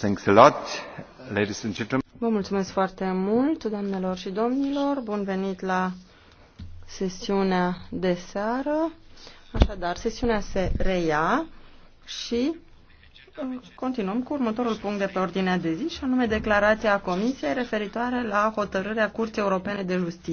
Thanks a lot, ladies and gentlemen. Vă mulțumesc foarte mult, doamnelor și domnilor. Bun venit la sesiunea de seară. Așadar, sesiunea se reia și uh, continuăm cu următorul punct de pe ordinea de zi, și anume declarația Comisiei referitoare la hotărârea Curții Europene de Justiție.